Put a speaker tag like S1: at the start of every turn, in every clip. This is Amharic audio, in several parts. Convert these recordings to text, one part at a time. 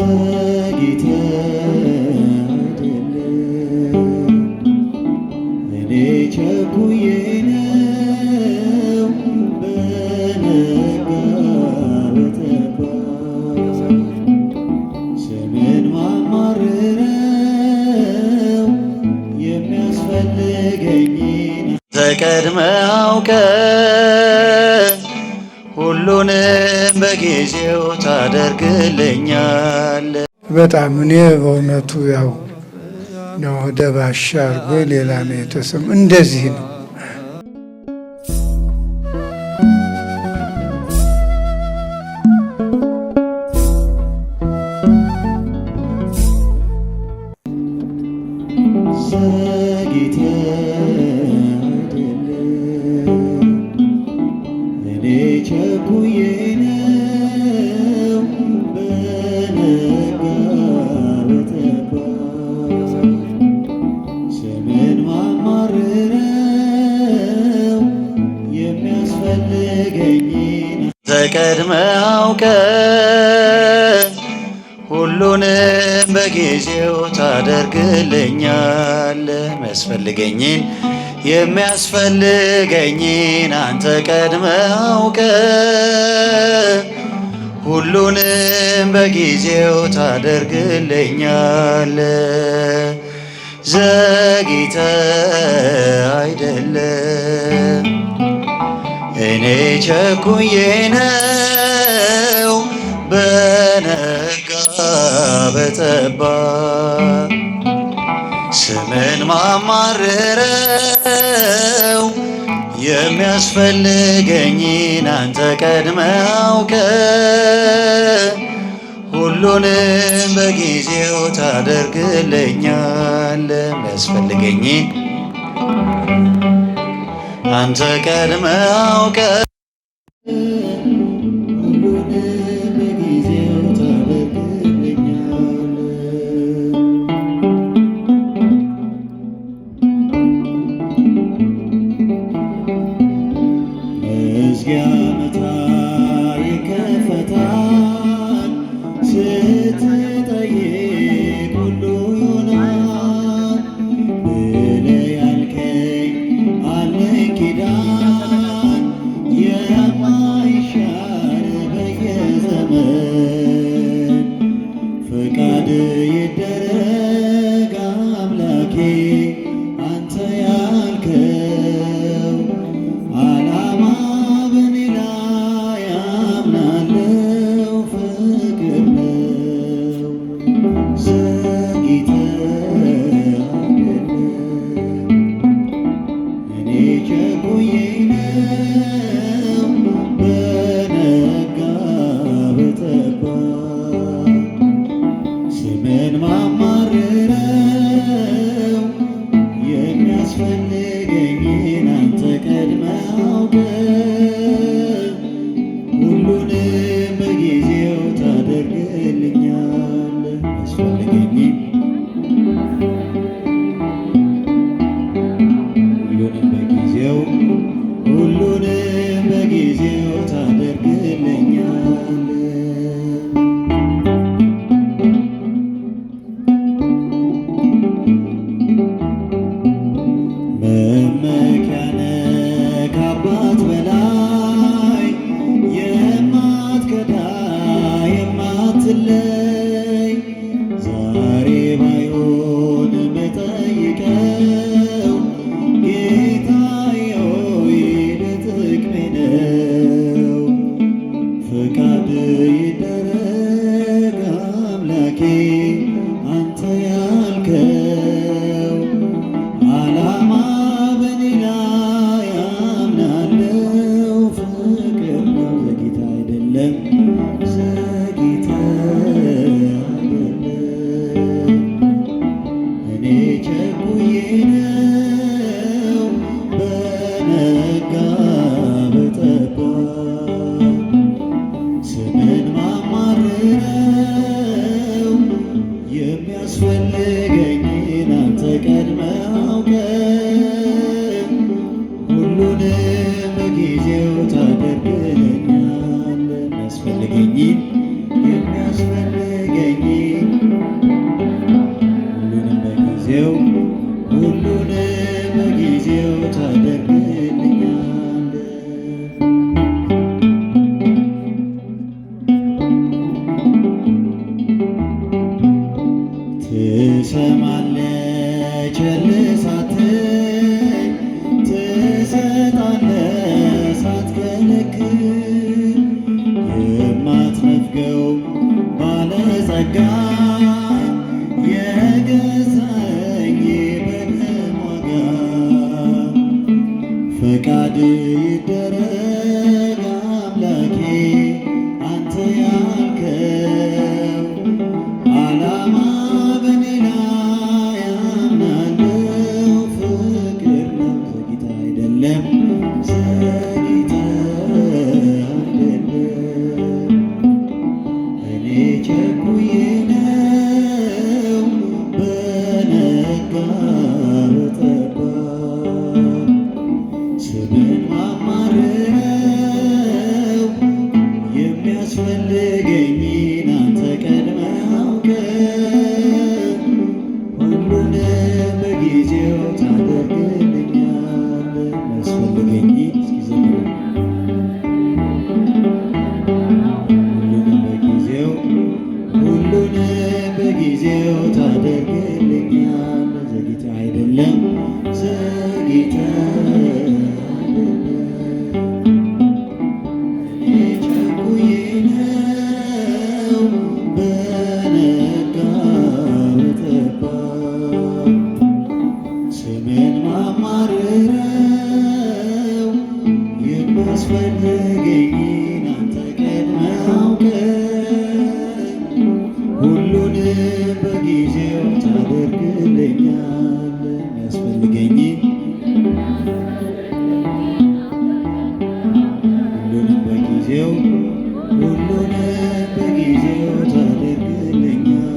S1: ጌታ እኔ ቸኩዬ ነው ስምን ማማርረው የሚያስፈልገኝ
S2: ተቀድመ አውቀ ሁሉንም በጊዜው ታደርግልኛል።
S3: በጣም እኔ በእውነቱ ያው ነው ደባሻ ሌላ ነው የተሰማ እንደዚህ ነው።
S2: ቀድመ አውቀ ሁሉንም በጊዜው ታደርግልኛል። የሚያስፈልገኝን የሚያስፈልገኝን አንተ ቀድመ አውቀ ሁሉንም በጊዜው ታደርግልኛል። ዘግይተ አይደለም እኔ ቸኩዬ ነው በነጋ በጠባ ስምን ማማርረው የሚያስፈልገኝን አንተ ቀድመ አውቀ ሁሉንም በጊዜው ታደርግልኛል የሚያስፈልገኝን አንተ ቀድመህ አውቀህ
S1: Amém. Né? Yes, በጊዜው ታደርግልኛል የሚያስፈልገኝ
S2: ሁሉንም በጊዜው ሁሉንም በጊዜው ታደርግልኛል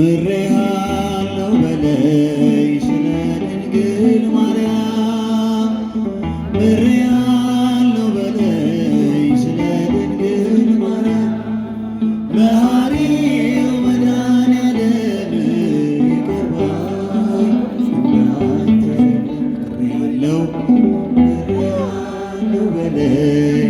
S1: ምሬሃለው በለይ me.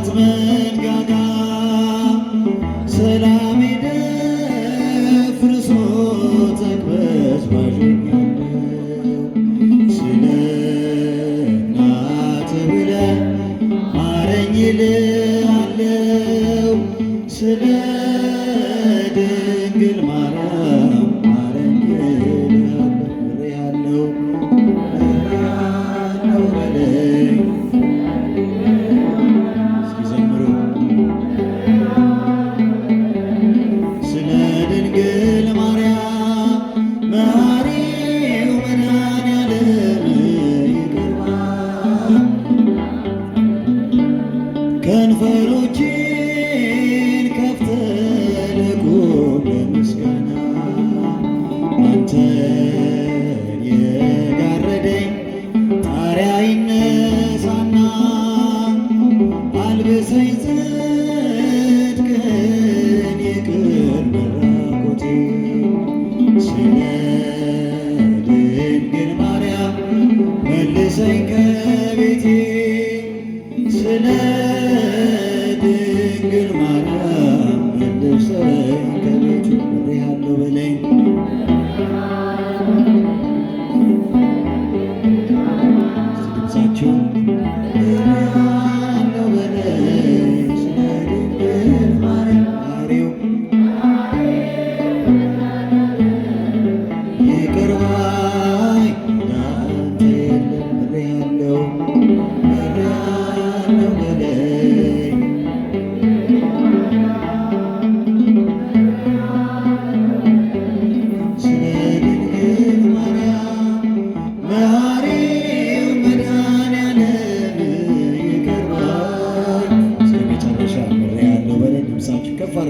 S1: Atme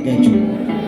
S1: thank you